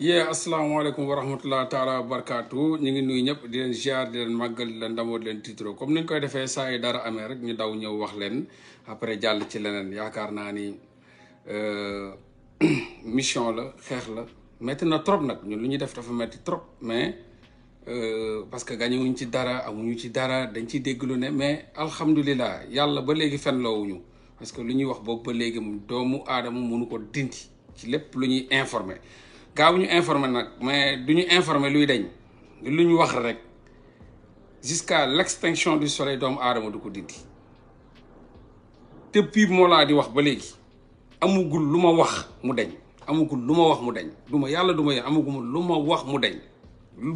yee asalaamaaleykum wa rahmatulah taala wa ñu ngi nuyu ñëpp di leen ziar di leen màggal la leen leen tiitaroo comme ni ñu koy defee saa yu dara amee rek ñu daw ñëw wax leen après jàll ci leneen yaakaar naa ni euh, mission la xeex la metti na trop nag ñun lu ñuy def dafa métti trop mais euh, parce que gañewuñ ci dara am amuñu ci dara dañ ci dégg lu ne mais alhamdulilah yàlla ba léegi fenloowuñu parce que lu ñuy wax boobu ba léegi doomu aadama munu ko dinti ci lépp lu ñuy informé. gaaw ñu informer nak mais duñu informer luy dañ lu wax rek jusqu'à l'extinction du soleil dom adam du ko dindi pib mo la di wax ba léegi amugul luma ma wax mu dañ amugul luma wax mu dañ duma yalla duma ya amugul lu wax mu dañ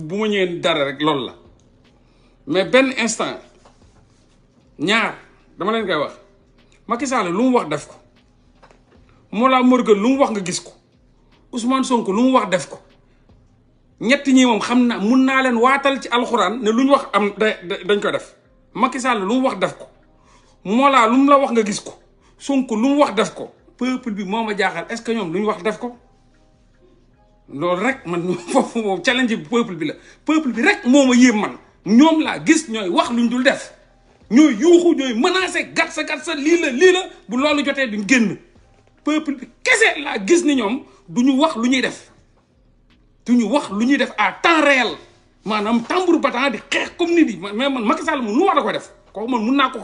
buma ma dara rek lool la mais ben instant ñaar dama leen koy wax Macky Sall lu mu wax def ko la morgue lu mu wax nga gis ko Ousmane Sonko lu mu wax def ko ñetti ñi moom xam na mun naa leen waatal ci alxuraan ne lu ñu wax am dañ ko def Macky Sall lu mu wax def ko laa lu mu la wax nga gis ko sunk lu mu wax def ko peuple bi moo ma jaaxal est-ce que ñoom lu ñu wax def ko loolu rek man foofu moom challenge bi peuple bi la peuple bi rek moo ma yéem man ñoom laa gis ñooy wax luñ dul def ñooy yuuxu ñooy menacé gat sa gat sa lii la lii la bu loolu jotee bi mu génn peuple bi kese laa gis ni ñoom du ñu wax lu def du wax lu def à temps réel manam tambour battant di xeex comme nit yi mais man Macky Sall nu war ko def ko man mun naa ko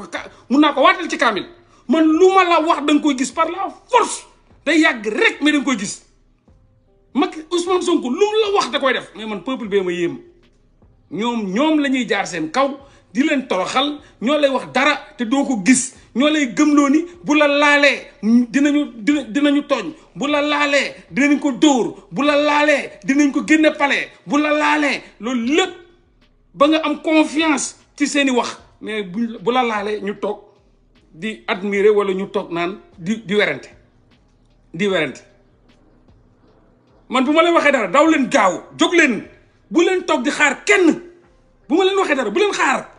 mun na ko waatal ci kamil man lu ma la wax da koy gis par la force day yàgg rek mais da koy gis Macky Ousmane Sonko lu mu la wax da koy def mais man peuple bee ma yem ñoom ñoom la jaar seen kaw di leen toroxal ñoo lay wax dara te doo ko gis ñoo lay gëmloo ni bu la laalee dinañu dina dinañu tooñ bu la laalee dinañ ko dóor bu la laalee dinañ ko génne palais bu la laalee loolu lépp ba nga am confiance ci seeni wax mais bu bu la laalee ñu toog di admirer walla ñu toog naan di di werante di werante man bu ma leen waxee dara daw leen gaaw jóg leen bu leen toog di xaar kenn bu ma leen waxee dara bu leen xaar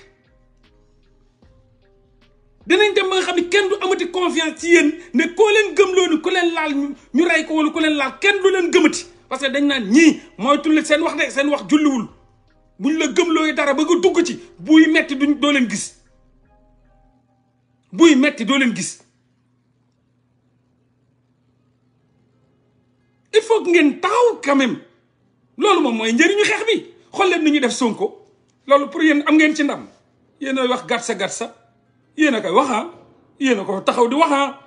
danañ dem ba nga xam ni kenn du amati confiance ci yéen ne koo leen gëm loolu ku leen laal ñu rey ko wala ku leen laal kenn du leen gëmati parce que dañ naan ñii mooy tulli seen wax ne seen wax julliwul buñ la gëm gëmlooyu dara ba nga dugg ci buy metti duñ doo leen gis buy metti doo gis il faut ngeen taxaw quand loolu moom mooy njëriñu xeex bi xool leen ni ñuy def sonko loolu pour yéen am ngeen ci ndam yéen a wax gàtt sa gàtt sa yéen a koy wax ah yéen a ko taxaw di wax ah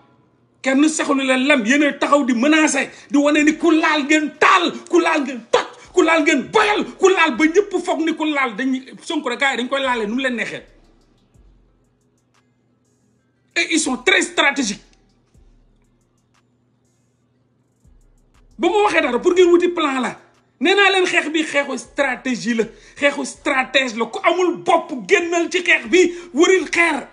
kenn sexu ni leen lem yéen a taxaw di menacer di wane ni ku laal ngeen taal ku laal ngeen toj ku laal ngeen boyal ku laal ba ñëpp foog ni ku laal dañuy Sonko rek gars yi dañ koy laalee nu mu leen neexee et ils sont très stratégiques ba mu waxee dara pour ngeen wuti plan la nee naa leen xeex bi xeexu stratégie la xeexu stratège la ku amul bopp génnal ci xeex bi wëril xeer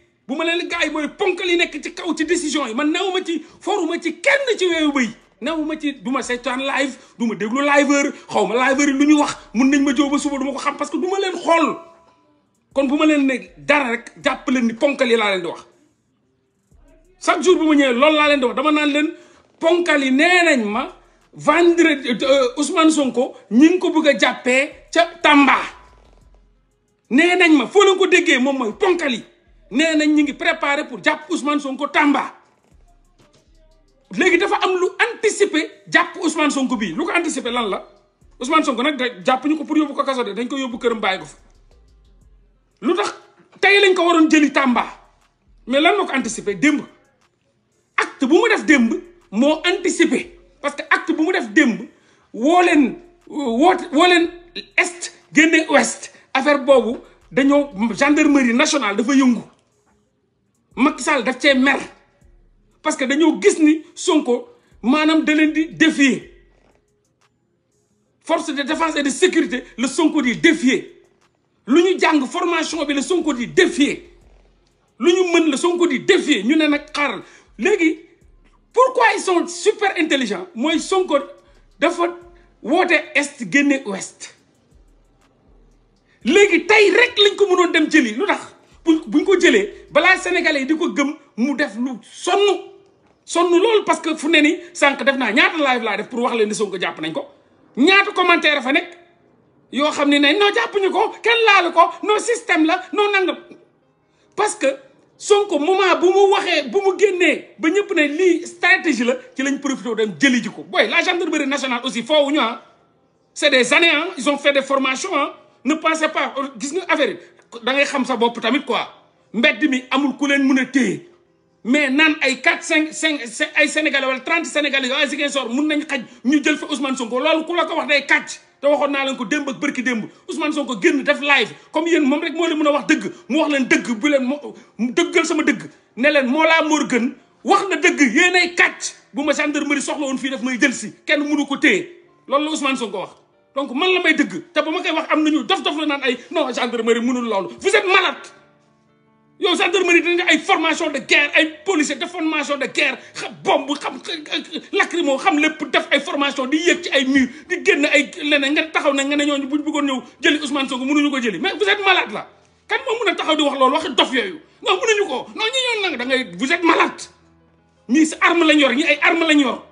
bu ma leen gars yi mooy ponkal yi nekk ci kaw ci décision yi man ma ci foruma ci kenn ci weewu bëy ma ci du ma seetaan live du ma déglu liveur xaw ma liveur yi lu ñu wax mun nañ ma jóoba suba du ma ko xam parce que du leen xool kon bu ma leen ne dara rek jàpp leen ni ponkal laa leen di wax chaque jour bu ma ñëwee loolu laa leen di wax dama naan leen ponkali yi nee nañ ma vendredi euh, Ousmane Sonko ñi ko bëgg a jàppee ca Tamba nee nañ ma foo leen ko déggee moom mooy ponkal nee ñi ngi préparer pour japp Ousmane Sonko Tamba légui dafa am lu anticiper japp Ousmane Sonko bi lu ko anticiper lan la Ousmane Sonko nak japp ñuko ko pour yóbbu ko kasso de dañ ko yóbbu kërëm bàyyi ko fa lu tay lañ ko waron jëli Tamba mais lan moko anticiper demb acte bu mu def demb mo anticiper parce que acte bu mu def demb woo leen est génne ouest affaire bobu dañu gendarmerie nationale dafa yëngu Macky Sall daf cee mer parce que dañu gis ni Sonko manam da len di défier force de défense et de sécurité le Sonko di défier luñu jang formation bi le Sonko di défier luñu ñu mën Sonko di défier ñu né nak xaaral légui pourquoi ils sont super intelligents moy Sonko dafa woote est génne ouest légui tay rek lañ ko mënon dem jëli lu buñ ko jëlé bala sénégalais yi di gëm mu def lu sonu sonu lool parce que fu ne ni sank def na ñaata live la def pour wax leen ni Sonko japp nañ ko ñaata commentaire fa nek yo xamni né no noo jàpp ñu ko kenn laalu ko no système la no nangam parce que Sonko moment bu mu waxee bu mu génnee ba ñëpp né li stratégie la ci lañ profiter dem jëli ji ko booy la gendarmerie nationale aussi foofu ñu hein ah. c'est des années hein ils ont fait des formations hein ne pensez pas gis nga affaire da ngay xam sa bopp tamit quoi mbedd mi amul ku leen mun a téye mais naan ay quatre cinq cinq ay sénégalais wala trente sénégalais yoo ay Ziguinchor mun nañ xaj ñu jël fa Ousmane Sonko loolu ku la ko wax day kàcc te waxoon naa leen ko démb ak bërki démb Ousmane Sonko génn def live comme yéen moom rek moo leen mën a wax dëgg mu wax leen dëgg bu leen mu dëggal sama dëgg ne leen moo laa móor gën wax na dëgg yéen ay kàcc bu ma gendarmerie soxla woon fii daf may jël si kenn mënu ko loolu la Ousmane Sonko wax donc man la may dëgg te bama kay wax am nañu dof dof la nan ay non gendarmerie mënul lolu vous êtes malade yo gendarmerie dañ ay formation de guerre ay police de formation de guerre xam bombe xam lacrimo xam lepp def ay formation di yek ci ay mur di genn ay lene nga taxaw na nga ne ñooñu buñ bëggoon ñew jël Ousmane Sonko mënuñu ko jël mais vous êtes malade la kan mo mëna taxaw di wax lolu wax dof yoyu non mënuñu ko non ñi ñoon nag da ngay vous êtes malade ni sa arme lañ yor ñi ay arme lañ yor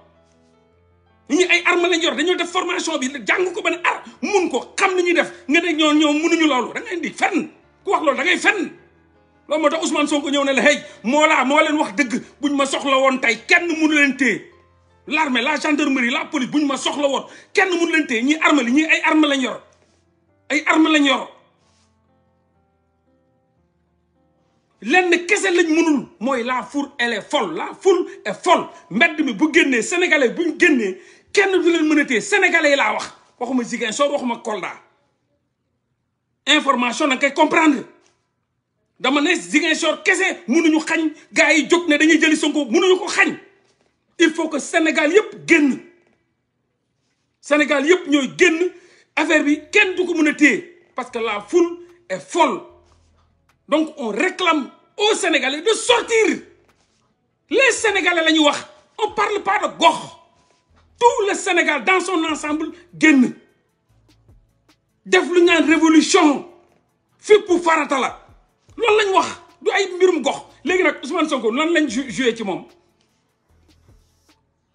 ñi ay arme lañ yor dañoo def formation bi jàng ko ba ne ar mun ko xam nañuy def nga ne ñoo ñoom munuñu loolu da ngay indi fenn ku wax loolu da ngay fenn loolu moo tax Ousmane Sonko ñëw ne la hey moo laa moo leen wax dëgg buñ ma soxla woon tey kenn mënu leen téye l'armée la gendarmerie la police buñ ma soxla woon kenn mënu leen téye ñi arme li ñi ay arme lañ yor ay arme lañ yor lenn kese lañ mënul mooy la foule elle est folle la foule est folle mbedd mi bu génnee sénégalais buñ génnee kenn du leen mën sénégalais yi wax waxuma so waxuma Kolda information da nga comprendre dama ne so kese mënuñu xañ gars yi jóg ne dañuy jëli Sonko mënuñu ko xagn il faut que Sénégal yépp génn Sénégal yépp ñoy génn affaire bi kenn du ko mën parce que la foule est folle donc on réclame aux Sénégalais de sortir les Sénégalais lañu wax on parle pas de gox tout le Sénégal dans son ensemble guen def lu ñaan révolution pour farata la lool lañ wax du ay mbirum gox légui nak Ousmane Sonko lan lañ jouer ci mom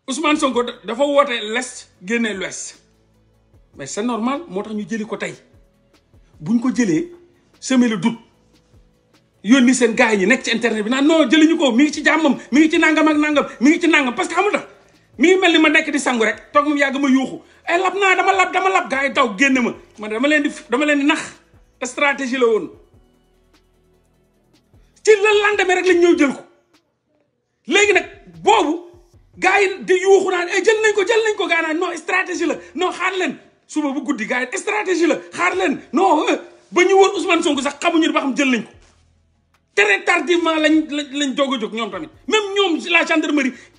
Ousmane Sonko dafa woté l'est guené l'ouest mais c'est normal motax ñu jëli ko buñ ko jëlé semer le doute yoni sen ci internet non ko mi ngi ci mi ngi ci nangam ak nangam mi ngi parce que mi ngi mel ni ma nekk di sangu rek toog mu yàgg ma yuuxu ay eh, lab naa dama lab dama lab gars yi daw génn ma man dama leen di dama leen di nax stratégie la woon ci la lendemain rek lañ ñëw jël ko léegi nag boobu gars yi di yuuxu naan ay eh, jël nañ ko jël nañ ko gaa naan non stratégie la non xaar leen suba bu guddi gars yi stratégie la xaar leen non euh, ba ñu wër Ousmane Sonko sax xamuñu ba xam jël nañ ko très tardivement lañ lañ doog a jóg ñoom tamit même ñoom la gendarmerie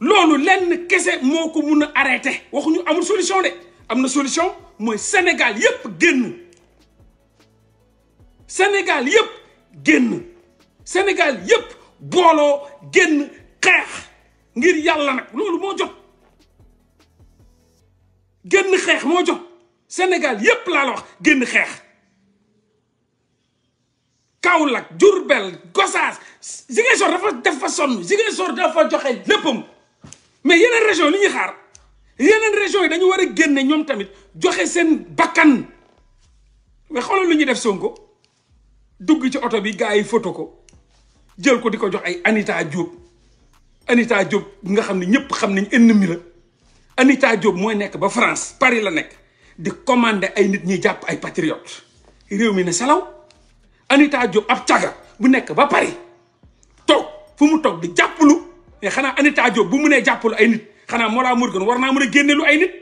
lolu len kese moko muna a ñu amul solution dé solution moy Sénégal yépp génn Sénégal yépp génn Sénégal yépp bolo, génn solution. ngir yalla une solution. mo jot génn solution. Sénégal yépp la wax génn xeex une Gossas sor dafa mais yeneen région yi li ñuy xaar yeneen région yi dañu war a génne ñoom tamit joxe seen bakkan mais xoolal lu ñuy def Sonko dugg ci oto bi gars yi photo ko jël ko di ko jox ay Anita jóob Anita Diop nga xam ne ñëpp xam nañ ennemi la Anita Diop mooy nekk ba France Paris la nekk di commander ay nit ñuy jàpp ay patriotes réew mi ne salaw Anita Diop ab caga bu nekk ba Paris toog fu mu toog di jàppalu mais xanaa Anita Diop bu mënee jàppalu ay nit xanaa Mollah Morgun war naa mën a génne ay nit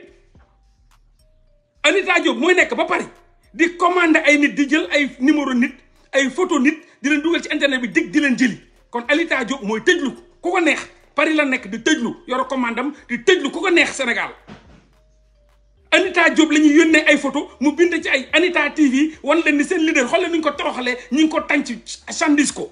Anita Diop mooy nekk ba Paris di commander ay nit di jël ay numéro nit ay photo nit di leen dugal ci internet bi dig di leen jëli kon Anita Diop mooy tëjlu ku ko neex Paris la nekk di tëjlu commander commandam di tëjlu ku ko neex senegal Anita Diop la ñuy yónnee ay photo mu bind ci ay Anita TV wan leen ni seen leader xool leen ni ñu ko toroxalee ñu ko tànc chandis ko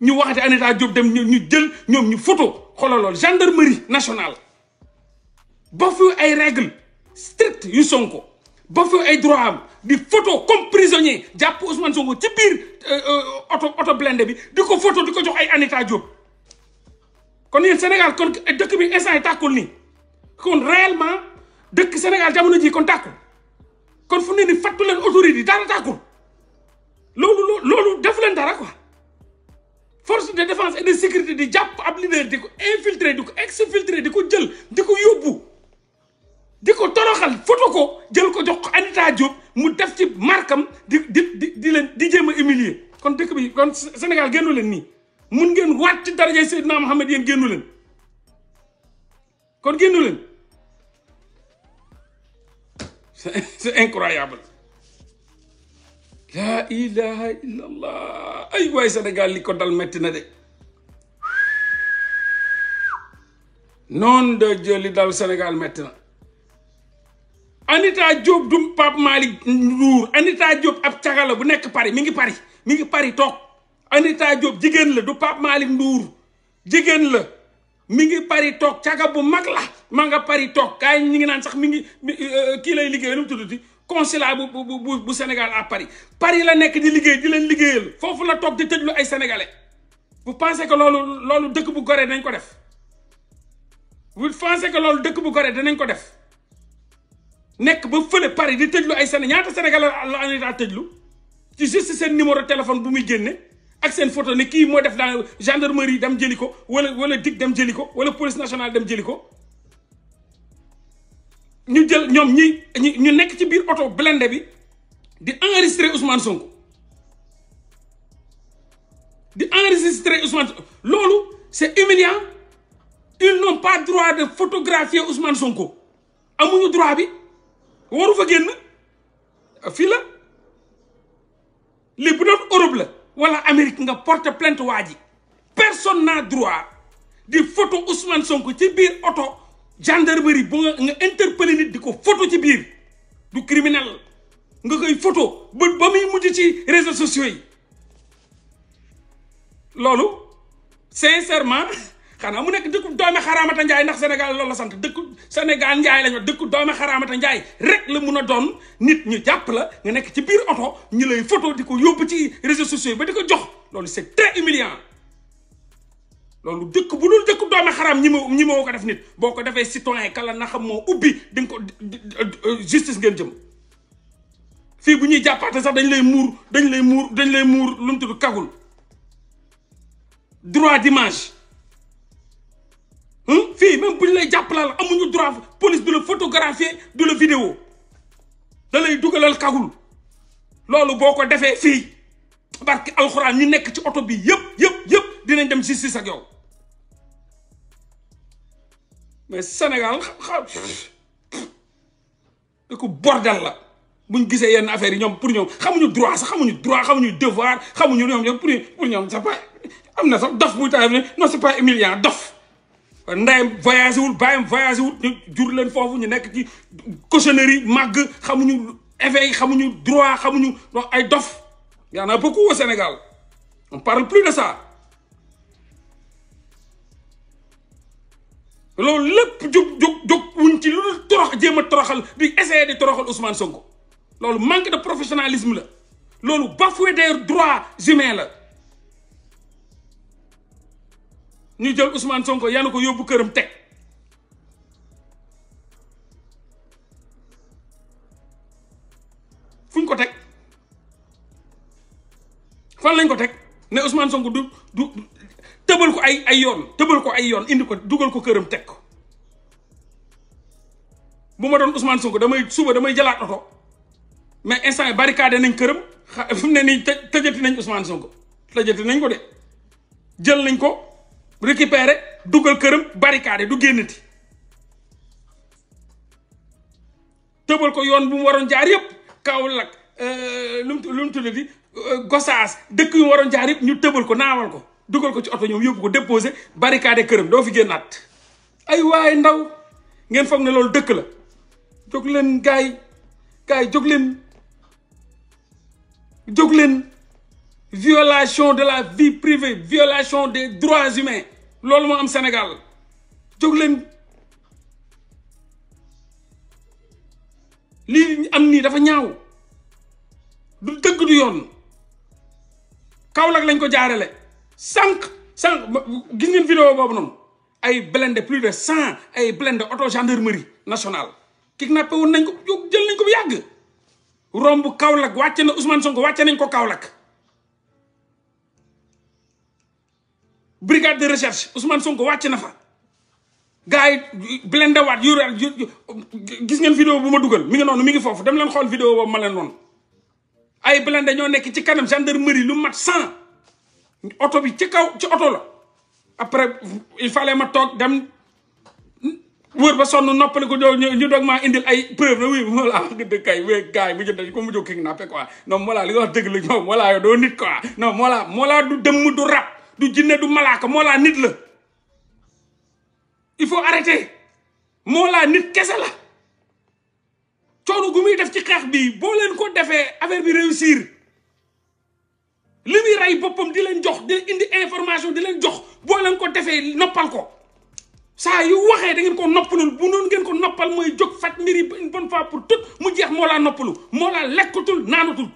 ñu waxati Anita Diop dem ñu jël ñoom ñu photo xoolal lool gendarmerie nationale ba fu ay règle strict yu Sonko ba fu ay droit am di photo comme prisonnier jàpp Ousmane Sonko ci biir euh, euh, oto oto blindé bi di ko photo di ko jox ay Anita Diop kon yéen Sénégal kon dëkk bi instant yi tàkkul nii kon réellement dëkk Sénégal jamono ji kon tàkkul kon fu ne ni fàttu leen autorité yi daana tàkkul loolu loolu def leen dara quoi force de défense et de sécurité di jàpp ab di ko infiltrer di ko exfiltrer di ko jël di ko yóbbu di ko toroxal foto ko jël ko jox ko Anita Diop mu def ci markam di di di leen di jéem a humilier kon dëkk bi kon Sénégal génnu leen nii mun ngeen wàcc ci darajay Seydina Mohamed yéen génnu leen kon génnu leen c'est incroyable la ilaha illallah ay way senegal liko dal metti na de non de Dieu dal senegal metti na Anita job dum pap malik Ndour Anita job ab cagala bu nek Paris mi ngi Paris mi ngi Paris tok Anita job jigen la du pap malik Ndour jigen la mi ngi Paris tok caga bu mag la ma nga Paris tok kay ñi ngi nan sax mi ngi euh, ki lay liggey lu tuduti consulat bu bu bu bu Sénégal à Paris Paris la nekk di liggéey di leen liggéeyal foofu la toog di tëjlu ay sénégalais vous pensez que loolu loolu dëkk bu gore dinañ ko def vous pensez que loolu dëkk bu gore dinañ ko def nekk ba fële Paris di tëjlu ay Sénégal ñaata sénégalais la la daa tëjlu ci juste seen numéro téléphone bu muy génne ak seen photo ne kii moo def dans gendarmerie dem jëli ko wala wala DIC dem jëli ko wala police nationale dem jëli ko. ñu jël ñom ñi ñu nekk ci biir blindé bi enregistrer Ousmane Sonko di enregistrer Ousmane Sonko c'est humiliant ils n'ont pas droit de photographier Ousmane Sonko amuñu droit bi waru fa génn fi la lii bu doon Europe wala Amérique nga porte plainte personne n'a droit de photo Ousmane Sonko ci biir gendarmerie bu nga interpellé nit di ko photo ci biir du criminel nga koy photo ba ba muy mujj ci réseaux sociaux yi loolu sincèrement xanaa mu nekk dëkku doomi xaramata njaay ndax Sénégal loolu la sant dëkku Sénégal njaay lañu dëkku doomi xaraamata njaay rek la mun a doon nit ñu jàpp la nga nekk ci biir oto ñu lay photo di ko yóbbu ci réseaux sociaux yi ba di ko jox loolu c'est très humiliant loolu dëkk bu dul dëkk doomi xaram ñi ma ñi ma ko def nit boo ko defee citoyen kala na xam moo ubbi di nga ko justice ngeen jëm fii bu ñuy jàppaate sax dañ lay muur dañ lay muur dañ lay muur lu mu tudd d'image fii même bu lay jàppalal amuñu droit police du la photographier du la vidéo da dugalal kagul loolu boo ko defee fii barki alxuraan ñi nekk ci oto bi yëpp yëpp dinañ dem justice ak yow mais Sénégal xam ko bordel la buñ gisee yenn affaire ñom pour ñoom xamuñu droit sax xamuñu droit xamuñu devoir xamuñu ñom ñom pour pour ñom ça pas amna na sax dof bu taay ne non c'est pas humiliant dof ndayam voyagé wul bàyyam voyagé wul jur leen fofu ñu nek ci cochonnerie mag xamuñu éveil xamuñu droit xamuñu wax ay dof y en a beaucoup au Sénégal on parle plus de ça loolu lépp jóg jóg wuñ ci lu dul torox jéem a toroxal di essayer di toroxal Ousmane Sonko loolu manque de professionnalisme la loolu bafoué des droits humains la ñu jël Ousmane Sonko yanu ko yóbbu këram teg fuñ ko teg fan lañ ko teg ne Ousmane Sonko du du tëbal ko ay ay yoon tëbal ko ay yoon indi ko dugal ko këram teg ko bu ma doon Ousmane Sonko damay suba damay jalaat jëlaat oto mais instant yi barricade nañ këram xa fi mu ne nii tëj tëjati nañ Ousmane Sonko tëjati nañ ko de jël nañ ko récupérer dugal këram barricade du génnati tëbal ko yoon bu mu waroon jaar yëpp Kaolack euh, lu mu lu mu tuddati euh, Gosaas dëkk yu mu waroon jaar yëpp ñu tëbal ko naawal ko. dugal ko ci oto ñoom yóbbu ko déposé barricade këram doo fi génnaat ay waaye ndaw ngeen foog ne loolu dëkk la jóg leen gaay gaay jóg leen jóg leen violation de la vie privée violation des droits humains loolu moo am Sénégal jóg leen lii am nii dafa ñaaw du dëgg du yoon Kaolack lañ ko jaarale sànq sànq gis ngeen vidéo boobu noonu ay blindé plus de cent ay blindé auto gendarmerie nationale kidnappé woon nañ ko jël nañ ko bu yàgg romb Kaolack wàcce na usman Sonko wàcce nañ ko Kaolack brigade de recherche Ousmane Sonko wàcc na fa gars yi blindé waat yu gis ngeen vidéo bu ma dugal mi ngi noonu mi ngi foofu dem leen xool vidéo boobu ma leen noonu ay blindé ñoo nekk ci kanam gendarmerie lu mat cent oto bi ci kaw ci oto la après il fallait ma toog dem wër ba sonn noppali ko ñu ñu doog maa indil ay preuve na oui voilà nga dëgg kay we gars yi mu ko mu jóg kidnappé quoi non Mollah li nga wax dëgg la du dëmm du rab du jinne du malaaka Mollah nit la il faut arrêter Mollah nit kese la coono gu muy def ci xeex bi boo leen ko defee affaire bi réussir li muy rey boppam di leen jox di indi information di leen jox boo leen ko defee noppal ko saa yu waxee da ngeen ko noppalul bu noonu ngeen ko noppal mooy jóg faj mbir yi une bonne pour tout mu jeex moo laa noppalu moo laa lekkatul naanatul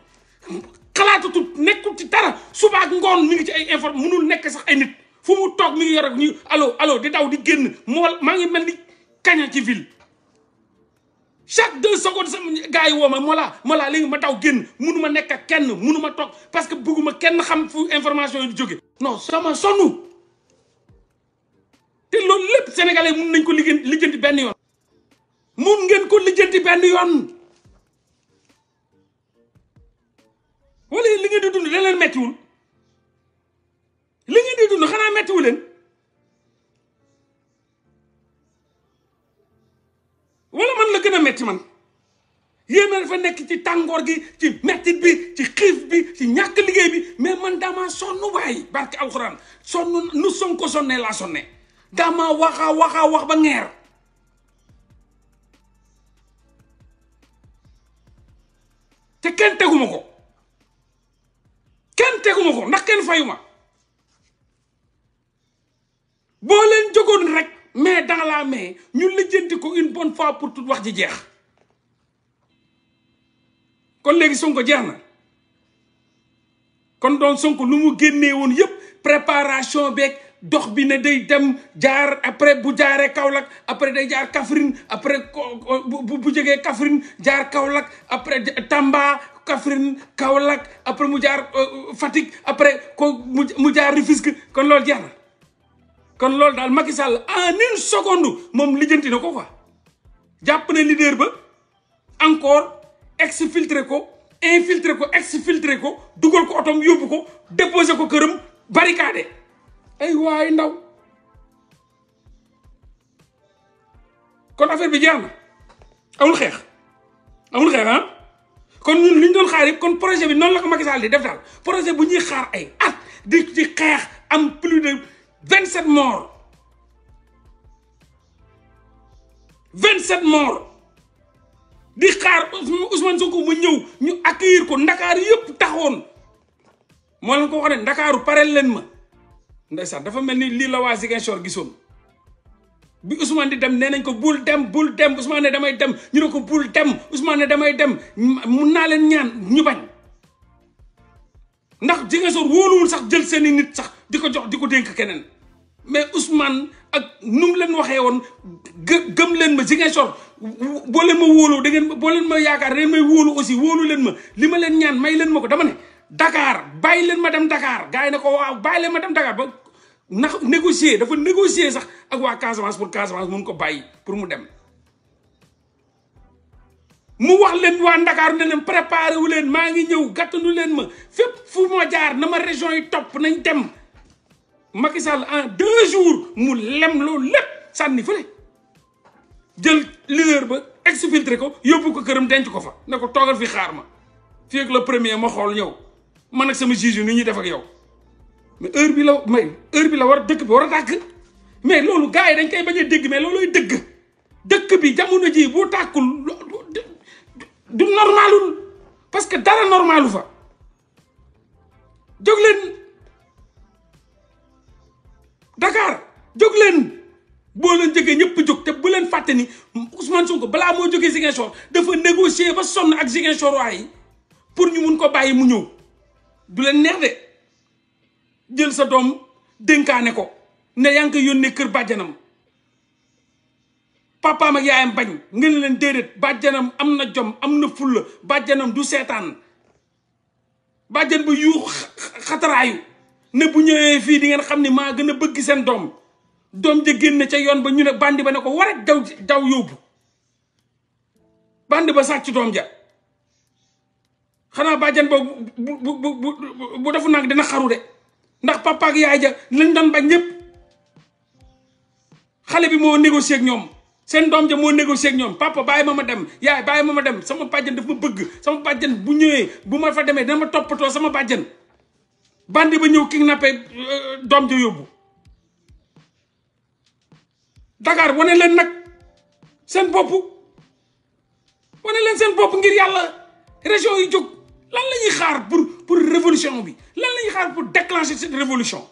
xalaatatul nekkul ci dara suba ak ngoon mi ngi ci ay inform mënul nekk sax ay nit fu mu toog mi ngi yor ak ñu allo allo di daw di génn moo maa ngi mel ni kaña ci ville chaque deux secondes sama gars yi woo ma Mollah Mollah léegi ma daw génn munu ma nekk ak kenn munu ma toog parce que bëgguma kenn xam fu information yi jóge no sama sonn te loolu lépp sénégalais mun nañ ko liggéey lijjanti benn yoon mun ngeen ko lijjanti benn yoon wala li ngeen di dund da leen méttiwul li ngeen xanaa méttiwu leen wala man la gën a metti man yéen a dafa nekk ci tàngoor gi ci mettit bi ci xiif bi ci ñàkk liggéey bi mais man dama sonn waay barke alxuraan sonn nu Sonko sonne laa sonne dama waxa waxa wax ba ngeer te kenn teguma ko kenn teguma ko ndax kenn fayuma boo leen jógoon rek mais dans la main ñu lijjanti ko une bonne fois pour tout wax ji jeex kon léegi Sonko jeex na kon doon Sonko lu mu génnee woon yëpp préparation beeg dox bi ne day dem jaar après bu jaaree Kaolack après day jaar Kaffrine après bu jegee jógee jaar Kaolack après Tamba Kaffrine Kaolack après mu jaar euh, euh, Fatick après ko mu jaar Rufisque kon loolu jeex na kon loolu daal Macky Sall en une seconde moom lijjanti na ko quoi jàpp na leader ba encore exfiltré ko infiltre ko filtre ko dugal ko otom yóbbu ko déposé ko këram barricadé ay waay ndaw kon affaire bi jeex na amul xeex amul xeex ah kon ñun li ñu doon xaar yëpp kon projet bi noonu la ko Macky di def daal projet bu ñuy xaar ay at di xeex am plus 27 morts 27 morts di xaar Ousmane Sonko mu ñëw ñu accueillir ko Ndakaar yëpp taxoon moo leen ko wax ne Ndakaaru pareel leen ma sax dafa mel ni lii la waa Ziguinchor gisoon bi Ousmane di dem nee nañ ko bul dem bul dem Ousmane ne damay dem ñu ne ko bul dem Ousmane ne damay dem mun naa leen ñaan ñu bañ ndax Ziguinchor wóoluwul sax jël seeni nit sax di ko jox di ko dénk keneen mais Ousmane ak nu mu leen waxee woon gë gëm leen ma Ziguinchor boo leen ma wóoloo da ngeen boo leen ma yaakaar leen may wóolu aussi wóolu leen ma li ma leen ñaan may leen ma ko dama ne Dakar bàyyi leen ma dem Dakar gars na ko waaw bàyyi leen ma dem Dakar ba ndax négocier dafa négocier sax ak waa Casamance pour Casamance mun ko bàyyi pour mu dem mu wax leen waa Ndakaaru ne leen préparé wu leen maa ngi ñëw gàttanu leen ma fépp fu ma jaar na ma région yi topp nañ dem Macky en deux jours mu je suis je leader ba exfiltré ko yobou ko këram denc ko fa ne ko fi ma le premier ma xol ñew man ak sama juge ni ñi def ak yow mais heure bi la may heure bi la war bi war a mais gars yi dañ koy bañe a je mais loolooy bi jamono ji bu du normalul parce que dara normalu fa jog leen Dakar jóg leen boo leen jógee ñëpp jóg te bu leen fàtte ni Ousmane Sonko balaa moo jógee Ziguinchor dafa négocier ba sonn ak Ziguinchor waay yi pour ñu mun ko bàyyi mu ñëw du leen neex de jël sa doom dénkaane ko ne yaa ngi yónnee kër bàjjanam papaam ak yaayam bañ nga ne leen déedéet bàjjanam am na jom am na fulla bàjjanam du seetaan bàjjan bu yuux xataraayu ne bu ñëwé fi di ngeen xamni ma gëna bëgg seen dom dom ja génn ca yoon ba ñu ne bandi ba ne ko war a daw daw yob bandi ba sacc dom ja xana bu ba bu bu bu bu nak dina xaru de ndax papa ak yaay ja lañ doon ba ñëpp xalé bi mo négocier ak ñom seen dom ja mo négocier ak ñom papa baye mama dem yaay baye mama dem sama bàjjan dafa bëgg sama bàjjan bu ñëwé bu ma fa démé dama topato sama bàjjan bandi ba ñëw kidnappé euh, doom ja yóbbu Dakar wane leen nag seen bopp wane leen seen bopp ngir yàlla région yi jóg lan la ñuy xaar pour pour révolution bi lan la ñuy xaar pour déclencher cette révolution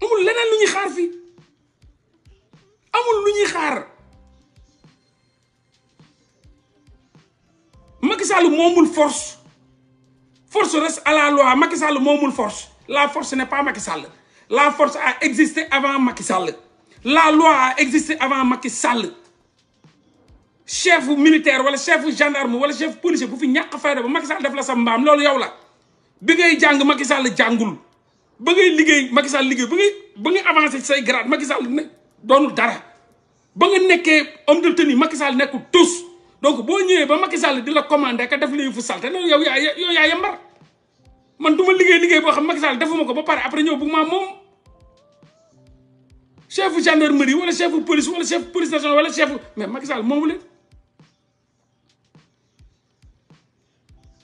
amul leneen lu ñuy xaar fii amul lu ñuy xaar Macky Sall force force reste à la moomul force la force n'est pas Macky Sall la force a existé avant Macky Sall la loi a existé avant Macky Sall chef militaire wala chef gendarme wala chef policier bu fi ñàkk fayda bu Macky Sall def la sa mbaam loolu yow la bi ngay jàng Macky Sall jàngul ba ngay liggéey Macky Sall liggéey ba ngay ba ngay say grade Macky Sall ne doonul dara ba nga nekkee homme de tenue Macky Sall nekkul tous donc boo ñëwee ba Macky Sall di la commandé ka def la yëfu salte loolu yow yaa yow yambar man du ma liggéey liggéey boo xam Macky Sall defuma ko ba pare après ñëw bu maa moom chef gendarmerie wala chef police wala chef police nationale wala chef mais Macky Sall moomu leen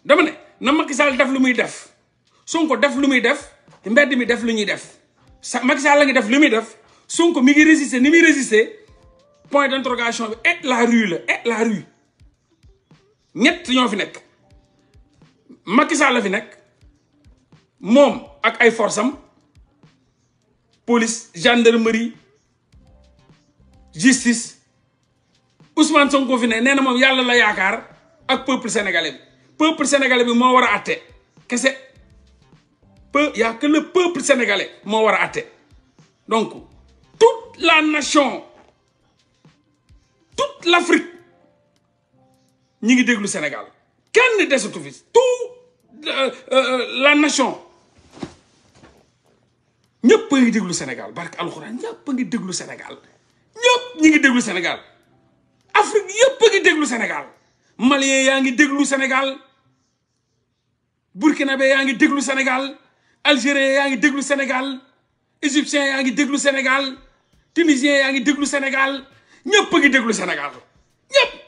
dama ne na Macky Sall def lu muy def Sonko def lu muy def mbedd mi def lu ñuy def sa Macky Sall la ngi def lu muy def Sonko mi ngi résister ni muy résister point d'interrogation bi et la rue la et ñett ñoo fi nekk Macky fi nekk moom ak ay forces, am police gendarmerie justice Ousmane Sonko fi ne nee na moom yàlla la yaakaar ak peuple sénégalais bi peuple sénégalais bi moo war a atte kese peu y a que le peuple sénégalais moo war a atte donc toute la nation toute l'Afrique ñi ngi déglu Sénégal kenn desatu fi tout la nation ñëpp a ngi déglu Sénégal barke alxuraan ñëpp a ngi déglu Sénégal ñëpp ñi ngi déglu Sénégal Afrique yëpp a ngi déglu Sénégal Malien yaa ngi déglu Sénégal Burkinabé yaa ngi déglu Sénégal Algérien yaa ngi déglu Sénégal Égyptien yaa ngi déglu Sénégal Tunisien yaa ngi déglu Sénégal ñëpp a ngi déglu Sénégal ñëpp.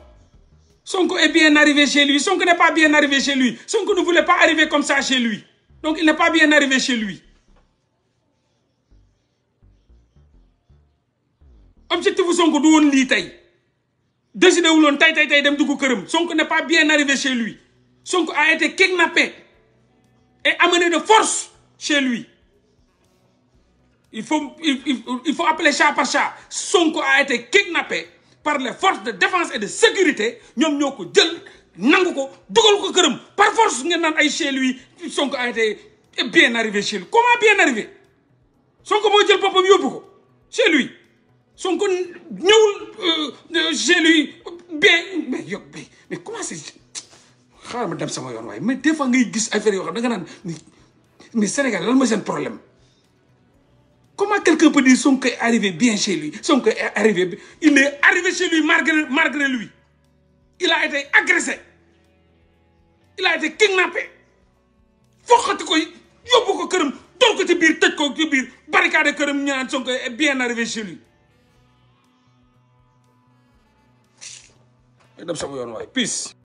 Sonko est bien arrivé chez lui. Sonko n'est pas bien arrivé chez lui. Sonko ne voulait pas arriver comme ça chez lui. Donc il n'est pas bien arrivé chez lui. Objectif Sonko du woon décidé tay Sonko n'est pas bien arrivé chez lui Sonko a été kidnappé et amené de force chez lui il faut il faut appeler chat par chat Sonko a été kidnappé par les forces de défense et de sécurité ñoom ñoo ko jël nangu ko dugal ko këram par force ngeen naan ay chez lui Sonko a été bien arrivé chez lui comment bien arrivé Son Sonko moo jël boppam yóbbu ko chez lui Sonko euh, euh, chez lui bien mais comment c'est Madame ma dem sama yoon mais des fois ngay gis affaire yoo xam da nga mais Sénégal lan mooy problème Comment quelqu'un peut dire Sonko est arrivé bien chez lui Sonko est arrivé. Il est arrivé chez lui malgré, lui. Il a été agressé. Il a été kidnappé. Il ko yobuko est bien arrivé chez lui. peace